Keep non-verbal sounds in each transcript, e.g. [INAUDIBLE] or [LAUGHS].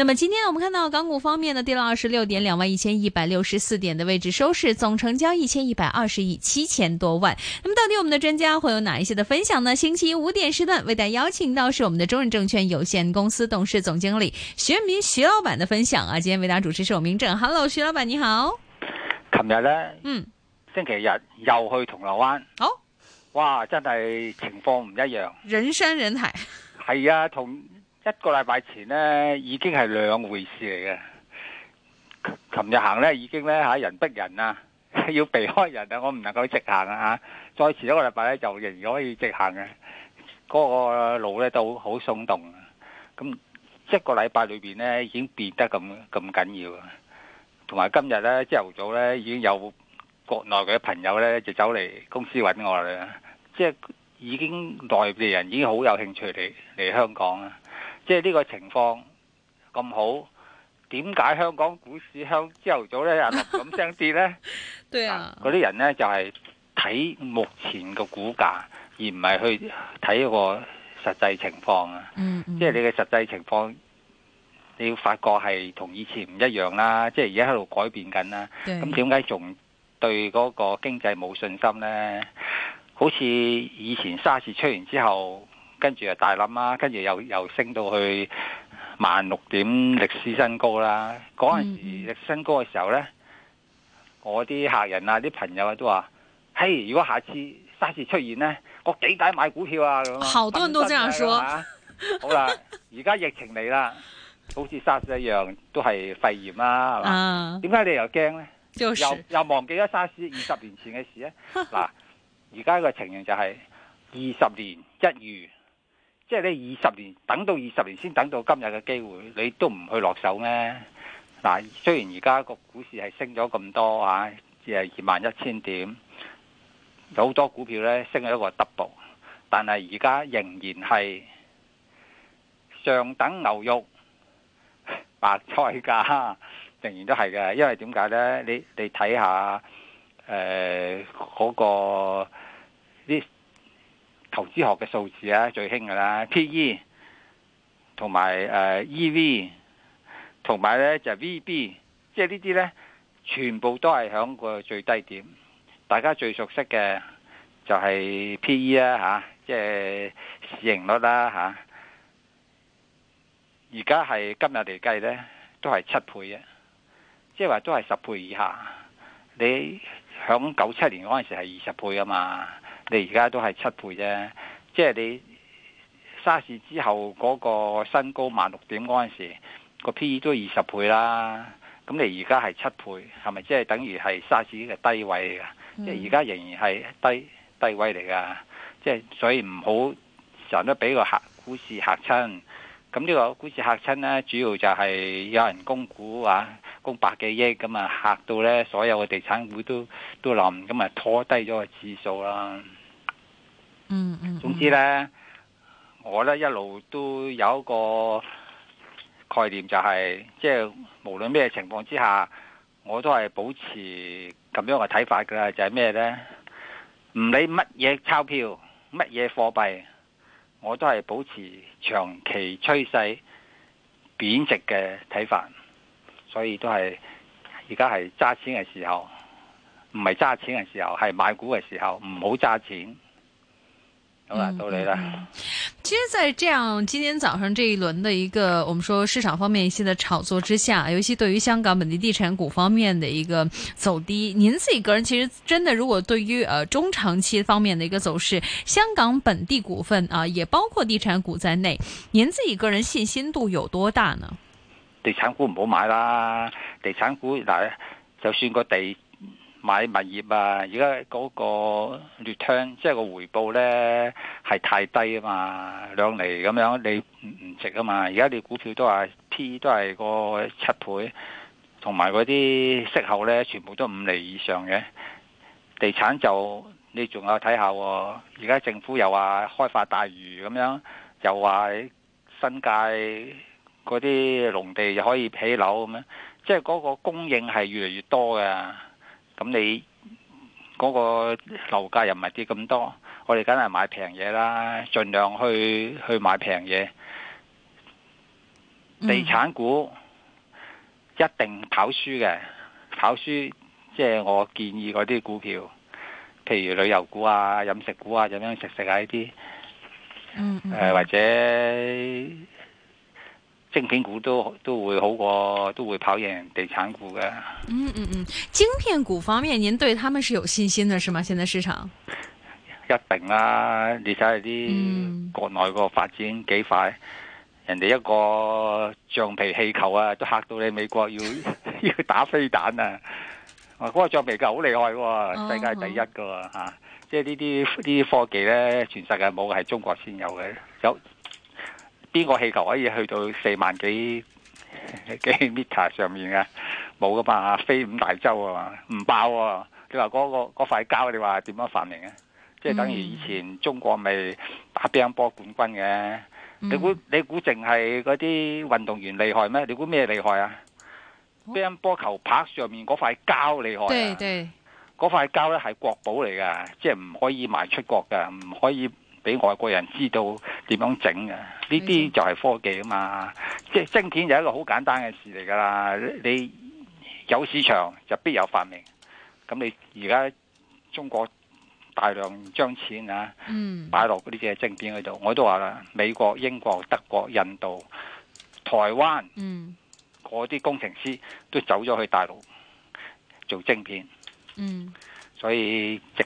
那麼今天我們看到港股方面呢，跌了二十六點，兩萬一千一百六十四點的位置收市，總成交一千一百二十億七千多萬。那麼到底我們的專家會有哪一些的分享呢？星期五點時段為大家邀請到是我們的中潤證券有限公司董事總經理徐潤民徐老闆的分享啊。今天為大家主持是我明正，Hello，徐老闆你好。琴日呢，嗯，星期日又去銅鑼灣，好、哦，哇，真係情況唔一樣，人山人海，係啊，同。一個禮拜前呢，已經係兩回事嚟嘅。琴日行呢，已經呢吓人逼人啊，要避開人啊，我唔能夠直行啊。吓再遲一個禮拜呢，就仍然可以直行嘅。嗰個路呢都好鬆動啊。咁一個禮拜裏邊呢，已經變得咁咁緊要。同埋今日呢，朝頭早呢已經有國內嘅朋友呢就走嚟公司搵我啦，即係已經內地人已經好有興趣嚟嚟香港啊。即係呢個情況咁好，點解香港股市香朝頭早咧又咁聲跌咧？嗰 [LAUGHS] 啲、啊、人咧就係、是、睇目前個股價，而唔係去睇個實際情況啊、嗯嗯。即係你嘅實際情況，你要發覺係同以前唔一樣啦。即係而家喺度改變緊啦。咁點解仲對嗰個經濟冇信心咧？好似以前沙士出完之後。跟住又大冧啦、啊，跟住又又升到去萬六點歷史新高啦！嗰、嗯、陣時歷史新高嘅時候咧，我啲客人啊、啲朋友啊都話，嘿，如果下次沙士出現咧，我幾大買股票啊！好多人都這樣說。啊、 [LAUGHS] 好啦，而家疫情嚟啦，好似沙士一樣，都係肺炎、啊啊、啦，係嘛？點解你又驚咧、就是？又又忘記咗沙士二十年前嘅事咧？嗱， [LAUGHS] 而家個情形就係二十年一遇。即係你二十年等到二十年先等到今日嘅機會，你都唔去落手咩？嗱，雖然而家個股市係升咗咁多啊，亦係二萬一千點，好多股票呢升咗一個 double，但係而家仍然係上等牛肉白菜價，仍然都係嘅。因為點解呢？你你睇下誒嗰個啲投資學嘅數字啊，最興噶啦，P E 同埋誒 E V 同埋咧就 V B，即係呢啲咧全部都係響個最低點。大家最熟悉嘅就係 P E 啦吓，即係市盈率啦吓。而家係今日嚟計咧，都係七倍啫，即係話都係十倍以下。你響九七年嗰陣時係二十倍啊嘛。你而家都係七倍啫，即係你、mm. 沙士之後嗰個新高萬六點嗰陣時，個 P E 都二十倍啦。咁你而家係七倍，係咪即係等於係沙士嘅低位㗎？即係而家仍然係低低位嚟噶，即係所以唔好成日都俾個嚇股市嚇親。咁呢個股市嚇親呢，主要就係有人供股啊，供百幾億，咁啊嚇到呢所有嘅地產股都都冧，咁啊拖低咗個指數啦。嗯，總之呢，我呢一路都有一個概念、就係，就係即係無論咩情況之下，我都係保持咁樣嘅睇法㗎。就係、係、咩呢？唔理乜嘢鈔票，乜嘢貨幣，我都係保持長期趨勢貶值嘅睇法。所以都係而家係揸錢嘅時候，唔係揸錢嘅時候，係買股嘅時候，唔好揸錢。好啦，到你啦、嗯嗯。其實，在這樣今天早上這一輪的一個，我們說市場方面一些的炒作之下，尤其對於香港本地地產股方面的一個走低，您自己個人其實真的如果對於，呃中長期方面的一個走勢，香港本地股份啊，呃，也包括地產股在內，您自己個人信心度有多大呢？地產股唔好買啦，地產股嗱就算個地。買物業啊！而家嗰個 return 即係個回報呢係太低啊嘛，兩厘咁樣你唔值啊嘛！而家你股票都係 P 都係個七倍，同埋嗰啲息口呢全部都五厘以上嘅。地產就你仲有睇下喎，而家政府又話開發大嶼咁樣，又話新界嗰啲農地又可以起樓咁樣，即係嗰個供應係越嚟越多嘅。咁你嗰個樓價又唔係跌咁多，我哋梗係買平嘢啦，盡量去去買平嘢。地產股一定跑輸嘅，跑輸即係我建議嗰啲股票，譬如旅遊股啊、飲食股啊、飲飲食食啊呢啲，誒、呃、或者。晶片股都都會好過，都會跑贏地產股嘅。嗯嗯嗯，晶片股方面，您對他們是有信心的，是嗎？現在市場一定啦！你睇下啲國內個發展幾快，嗯、人哋一個橡皮氣球啊，都嚇到你美國要 [LAUGHS] 要打飛彈啊！我、那、嗰個橡皮球好厲害、啊，世界第一噶吓、啊！即係呢啲啲科技呢，全世界冇係中國先有嘅，有。邊個氣球可以去到四萬幾幾米塔上面嘅？冇噶吧，飛五大洲啊嘛，唔爆啊！你話嗰、嗰個塊膠，你話點樣發明啊？嗯、即係等於以前中國咪打乒乓波冠軍嘅、嗯？你估你估淨係嗰啲運動員厲害咩？你估咩厲害啊？乒、嗯、乓波球拍上面嗰塊膠厲害啊！嗰塊膠咧係國寶嚟噶，即係唔可以賣出國噶，唔可以。俾外國人知道點樣整㗎，呢啲就係科技啊嘛！即係晶片就係一個好簡單嘅事嚟噶啦，你有市場就必有發明。咁你而家中國大量將錢啊，嗯，擺落嗰啲嘅晶片喺度，我都話啦，美國、英國、德國、印度、台灣，嗯，嗰啲工程師都走咗去大陸做晶片，嗯，所以直。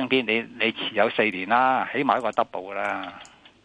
你你持有四年啦，起碼一個 double 啦。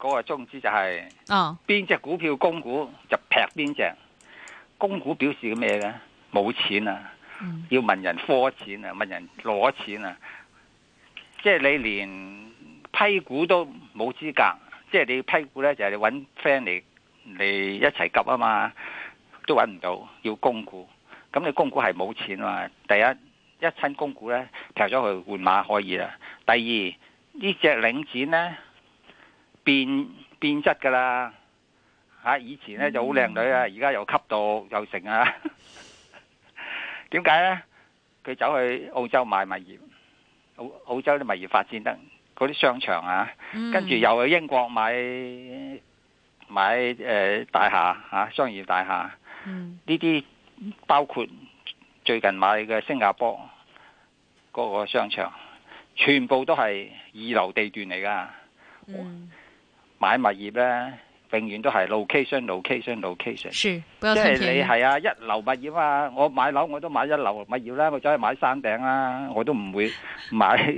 嗰、那個宗旨就係邊隻股票供股就劈邊隻，供股表示嘅咩咧？冇錢啊！要問人貸錢啊，問人攞錢啊！即、就、係、是、你連批股都冇資格，即、就、係、是、你批股咧就係揾 friend 嚟嚟一齊急啊嘛，都揾唔到，要供股。咁你供股係冇錢啊！嘛。第一一親供股咧，劈咗去換馬可以啦。第二這隻呢只領錢咧。變變質噶啦，吓、啊、以前咧就好靚女啊，而、mm、家 -hmm. 又吸到又成啊。點 [LAUGHS] 解呢？佢走去澳洲買物業，澳洲啲物業發展得嗰啲商場啊，mm -hmm. 跟住又去英國買買誒、呃、大廈吓、啊、商業大廈，呢、mm、啲 -hmm. 包括最近買嘅新加坡嗰個商場，全部都係二流地段嚟噶。Mm -hmm. 買物業咧，永遠都係 location，location，location。是 location, location, location，即係你係啊，一流物業啊。我買樓我都買一流物業啦、啊，我走去買山頂啦、啊，我都唔會買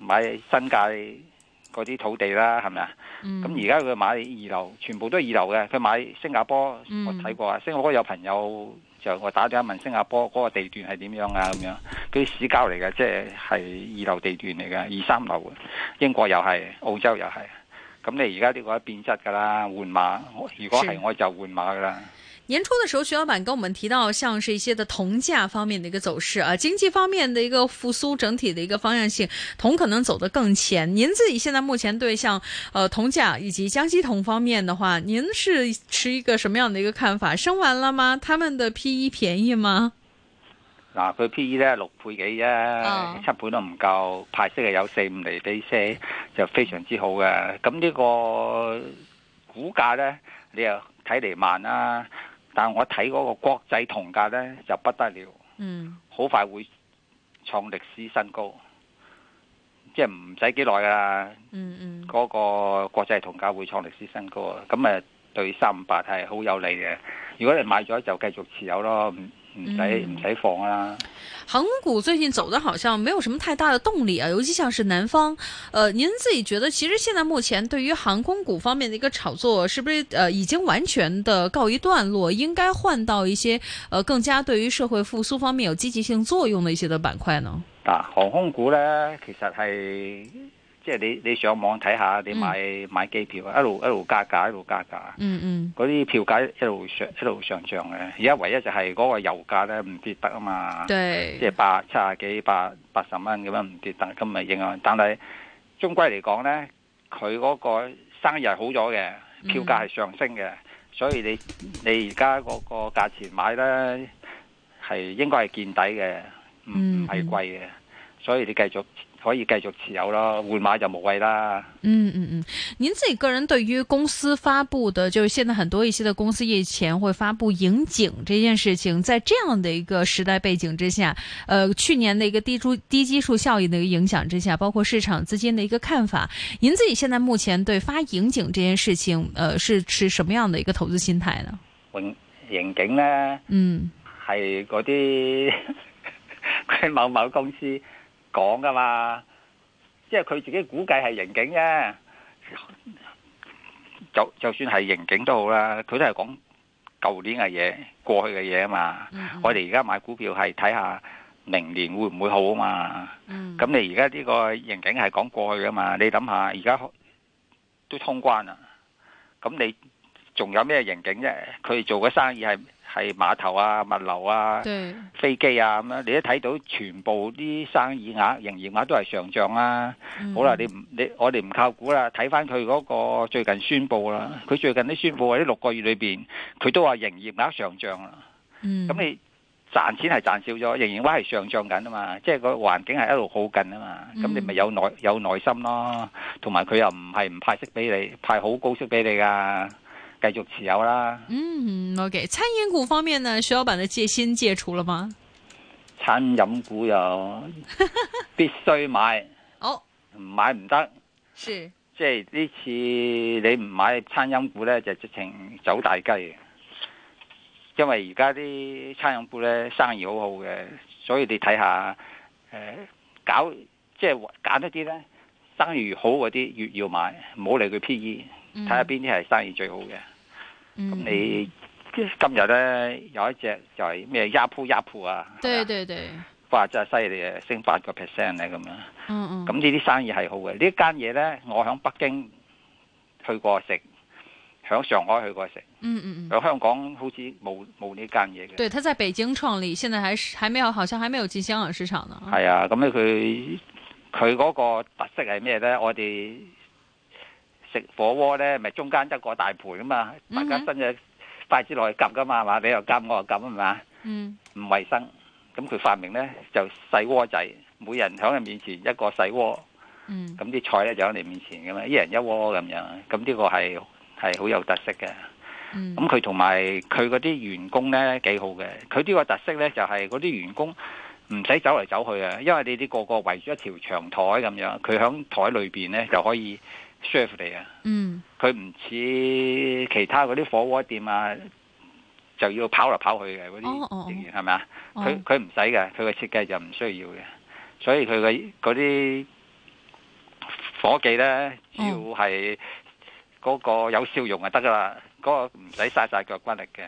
買新界嗰啲土地啦，係咪啊？咁而家佢買二樓，全部都係二樓嘅。佢買新加坡，嗯、我睇過啊。新加坡有朋友就我打電話問新加坡嗰個地段係點樣啊？咁樣，佢市郊嚟嘅，即係係二樓地段嚟嘅，二三樓。英國又係，澳洲又係。咁你而家呢個都變質㗎啦，換馬。如果係我就換馬㗎啦。年初嘅時候，徐老闆跟我們提到，像是一些的銅價方面的一個走勢啊，經濟方面的一個復甦，整體的一個方向性，銅可能走得更前。您自己現在目前對象，呃銅價以及江西銅方面的話，您是持一個什麼樣的一個看法？升完咗嗎？他們的 P E 便宜嗎？嗱、啊，佢 P/E 咧六倍幾啫，啊，七倍都唔夠，派息係有四五厘啲息，就非常之好嘅。咁呢個股價咧，你又睇嚟慢啦，但我睇嗰個國際同價咧就不得了，嗯，好快會創歷史新高，即係唔使幾耐噶啦，嗯嗯，嗰、那個國際同價會創歷史新高啊，咁咪對三五八係好有利嘅。如果你買咗就繼續持有咯。唔使唔使放啦、啊嗯！航空股最近走的好像沒有什麼太大的動力啊，尤其像是南方。呃，您自己覺得，其實現在目前對於航空股方面的一個炒作，是不是呃已經完全的告一段落？應該換到一些呃更加對於社會復蘇方面有積極性作用的一些的板塊呢？啊，航空股呢，其實係。即係你，你上網睇下，你買買機票，一路一路加價，一路加價。嗯嗯。嗰啲票價一路上一路上漲嘅。而家唯一就係嗰個油價咧唔跌得啊嘛。對。即係百七啊幾百八十蚊咁樣唔跌得，咁咪影響。但係中歸嚟講咧，佢嗰個生意係好咗嘅，票價係上升嘅，所以你你而家嗰個價錢買咧係應該係見底嘅，唔係貴嘅，所以你繼續。可以繼續持有咯，換馬就無謂啦。嗯嗯嗯，您自己個人對於公司發布的，就是現在很多一些的公司以前會發布盈警這件事情，在這樣的一個時代背景之下，呃，去年的一個低注低基數效益的一個影響之下，包括市場資金的一個看法，您自己現在目前對發盈警這件事情，呃，是持什麼樣的一個投資心態呢？盈盈警咧，嗯，係嗰啲某某公司。講噶嘛，即係佢自己估計係盈警啫，就就算係盈警都好啦，佢都係講舊年嘅嘢，過去嘅嘢啊嘛。我哋而家買股票係睇下明年會唔會好啊嘛。咁你而家呢個盈警係講過去噶嘛？你諗下而家都通關啦，咁你仲有咩盈警啫？佢做嘅生意係。係碼頭啊、物流啊、飛機啊咁樣，你一睇到全部啲生意額、營業額都係上漲啦、啊嗯。好啦，你唔你我哋唔靠估啦，睇翻佢嗰個最近宣佈啦，佢、嗯、最近啲宣佈喺六個月裏邊，佢都話營業額上漲啦。咁、嗯、你賺錢係賺少咗，營業額係上漲緊啊嘛，即、就、係、是、個環境係一路好緊啊嘛，咁你咪有耐有耐心咯，同埋佢又唔係唔派息俾你，派好高息俾你噶。繼續持有啦。嗯，OK。餐飲股方面呢？徐老闆的戒心戒除了嗎？餐飲股又必須買，哦 [LAUGHS] ，買唔得，是，即係呢次你唔買餐飲股呢，就直情走大雞。因為而家啲餐飲股呢，生意好好嘅，所以你睇下，誒，搞即係揀一啲呢，生意好嗰啲越要買，唔好理佢 P E。睇下邊啲係生意最好嘅，咁、嗯、你今日咧、嗯、有一隻就係咩呷鋪呷鋪啊，對對對，哇真係犀利啊，升八個 percent 咧咁樣，嗯嗯，咁呢啲生意係好嘅，間呢間嘢咧我響北京去過食，響上海去過食，嗯嗯響香港好似冇冇呢間嘢嘅。對，佢在北京創立，現在還是還沒有，好像還沒有進香港市場呢。係啊，咁咧佢佢嗰個特色係咩咧？我哋。食火鍋呢，咪中間得個大盤噶嘛，大家分咗筷子落去夾噶嘛，mm-hmm. 係嘛？你又夾，我又夾，係嘛？嗯，唔衛生。咁佢發明呢，就細鍋仔，每人響佢面前一個細鍋，mm-hmm. 咁啲菜呢，就喺你面前噶嘛，一人一鍋咁樣。咁呢個係係好有特色嘅。咁佢同埋佢嗰啲員工呢，幾好嘅。佢呢個特色呢，就係嗰啲員工唔使走嚟走去啊，因為你啲個個圍住一條長台咁樣，佢響台裏邊呢，就可以。chef 嚟啊，佢唔似其他嗰啲火鍋店啊，就要跑嚟跑去嘅嗰啲人員係咪啊？佢佢唔使嘅，佢嘅設計就唔需要嘅，所以佢嘅嗰啲伙計咧，只要係嗰個有笑容就得噶啦，嗰、oh. 個唔使嘥晒腳骨力嘅，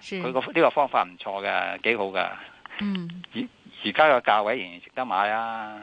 佢個呢個方法唔錯嘅，幾好噶，而而家個價位仍然值得買啊！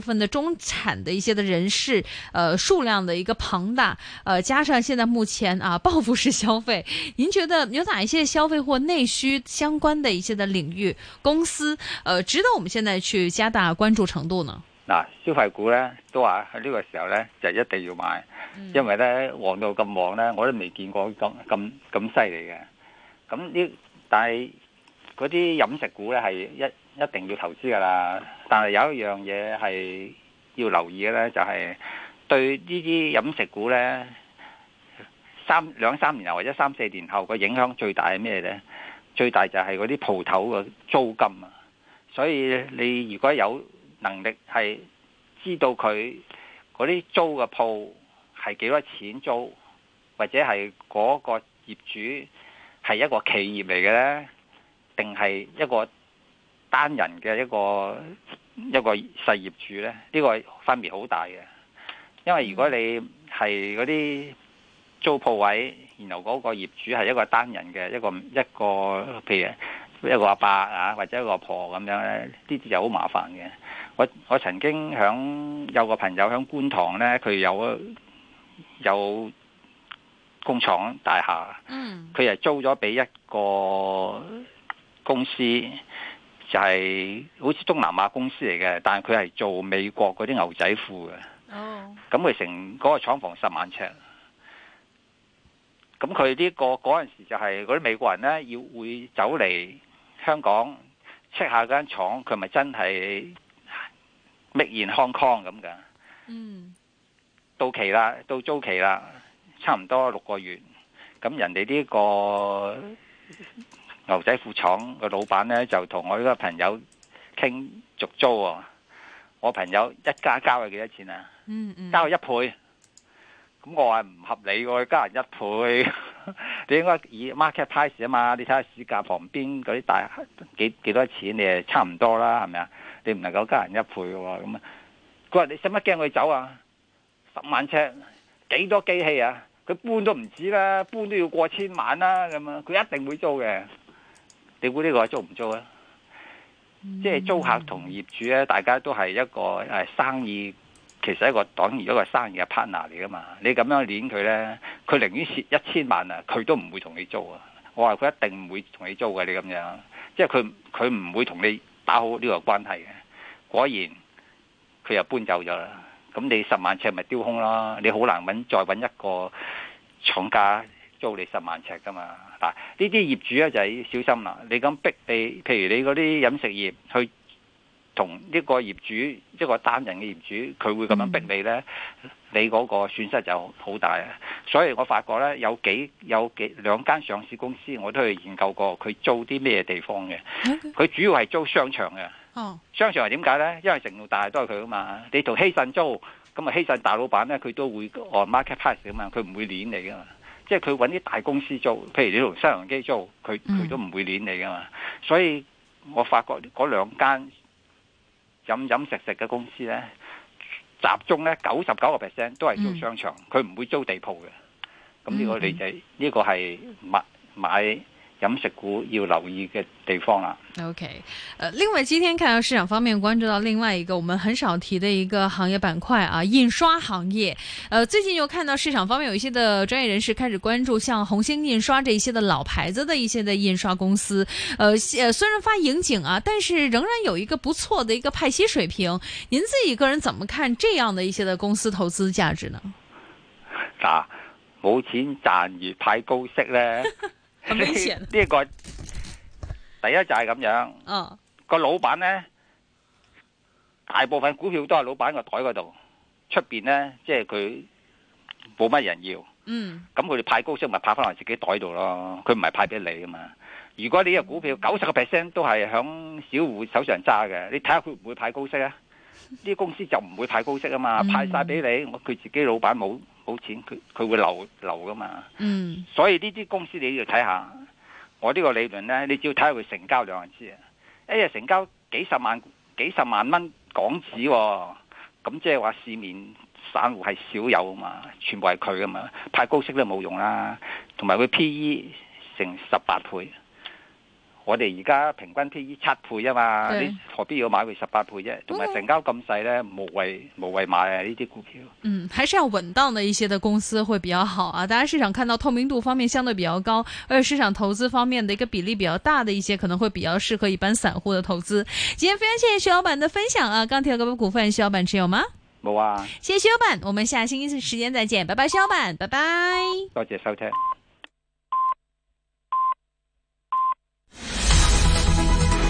部分的中產的一些的人士，呃，數量的一個龐大，呃，加上現在目前啊，報復式消費，您覺得有哪一些消費或內需相關的一些的領域公司，呃，值得我們現在去加大關注程度呢？嗱，消費股咧都話喺呢個時候咧就是、一定要買，嗯、因為咧旺到咁旺咧，我都未見過咁咁咁犀利嘅。咁呢，但係嗰啲飲食股咧係一。一定要投資噶啦，但係有一樣嘢係要留意嘅咧，就係對呢啲飲食股咧，三兩三年後或者三四年後個影響最大係咩咧？最大就係嗰啲鋪頭嘅租金啊！所以你如果有能力係知道佢嗰啲租嘅鋪係幾多錢租，或者係嗰個業主係一個企業嚟嘅咧，定係一個單人嘅一個一個細業主呢，呢個分別好大嘅。因為如果你係嗰啲租鋪位，然後嗰個業主係一個單人嘅一個一個，譬如一個阿伯啊，或者一個阿婆咁樣咧，啲就好麻煩嘅。我我曾經響有個朋友響觀塘咧，佢有有工廠大廈，佢係租咗俾一個公司。就係、是、好似東南亞公司嚟嘅，但係佢係做美國嗰啲牛仔褲嘅。咁佢成嗰個廠房十萬尺，咁佢呢個嗰陣時就係嗰啲美國人呢，要會走嚟香港 check 下間廠，佢咪真係 made in Hong Kong 咁㗎？嗯、mm. mm.，到期啦，到租期啦，差唔多六個月。咁人哋呢、這個。Mm. [LAUGHS] 牛仔褲廠個老闆咧就同我呢個朋友傾續租、啊，我朋友一家交咗幾多錢啊？嗯嗯，交咗一倍。咁我話唔合理、啊，我加人一倍， [LAUGHS] 你應該以 market price 啊嘛。你睇下市價旁邊嗰啲大幾幾多錢，你係差唔多啦，係咪啊？你唔能夠加人一倍嘅、啊，咁佢話你使乜驚佢走啊？十萬尺幾多機器啊？佢搬都唔止啦，搬都要過千萬啦，咁啊，佢一定會租嘅。你估呢個租唔租啊？即係租客同業主咧，大家都係一個誒生意，其實一個當然一個生意嘅 partner 嚟噶嘛。你咁樣攆佢咧，佢寧願蝕一千萬啊，佢都唔會同你租啊！我話佢一定唔會同你租嘅，你咁樣，即係佢佢唔會同你打好呢個關係嘅。果然佢又搬走咗啦。咁你十萬尺咪丟空咯？你好難搵再搵一個廠家。租你十萬尺噶嘛？嗱，呢啲業主咧就係小心啦。你咁逼你，譬如你嗰啲飲食業去同呢個業主，一個單人嘅業主，佢會咁樣逼你咧、嗯，你嗰個損失就好大啊！所以我發覺咧，有幾有幾兩間上市公司，我都去研究過，佢租啲咩地方嘅。佢主要係租商場嘅。哦，商場係點解咧？因為成條大都係佢啊嘛。你同希慎租，咁啊希慎大老闆咧，佢都會按 market price 啊嘛，佢唔會攣你噶嘛。即係佢揾啲大公司租，譬如你同收銀機租，佢佢都唔會攆你㗎嘛。所以我發覺嗰兩間飲飲食食嘅公司呢，集中呢九十九個 percent 都係做商場，佢唔會租地鋪嘅。咁、嗯、呢個你哋呢個係買買。飲食股要留意嘅地方啦。OK，呃，另外今天看到市場方面關注到另外一個我們很少提的一個行業板塊啊，印刷行業。呃，最近又看到市場方面有一些的專業人士開始關注，像紅星印刷這些的老牌子的一些的印刷公司。呃，雖然發盈警啊，但是仍然有一個不錯的一個派息水平。您自己個人怎麼看這樣的一些的公司投資價值呢？咋、啊、冇錢賺而派高息呢。 [LAUGHS] 呢 [LAUGHS] 個第一就係咁樣，哦個老闆呢大部分股票都係老闆個袋嗰度，出邊呢，即係佢冇乜人要，咁佢哋派高息咪派翻落自己袋度咯，佢唔係派俾你啊嘛。如果你嘅股票九十個 percent 都係響小戶手上揸嘅，你睇下佢唔會派高息啊？呢啲公司就唔會派高息啊嘛，派晒俾你，佢、嗯、自己老闆冇。冇錢，佢佢會流流噶嘛？嗯，所以呢啲公司你要睇下，我呢個理論呢，你只要睇下佢成交量就知啊，一日成交幾十萬幾十萬蚊港紙喎，咁即係話市面散戶係少有啊嘛，全部係佢噶嘛，派高息都冇用啦，同埋佢 PE 成十八倍。我哋而家平均 P E 七倍啊嘛，你何必要買佢十八倍啫？同埋成交咁細咧，無謂無謂買呢啲股票。嗯，還是要穩當的一些的公司會比較好啊！大家市場看到透明度方面相對比較高，而且，市場投資方面的一個比例比較大的一些，可能會比較適合一般散戶的投資。今天非常謝謝徐老闆的分享啊！鋼鐵股份，徐老闆持有嗎？冇啊！謝謝徐老闆，我們下星期時間再見，拜拜，徐老闆，拜拜。多謝收聽。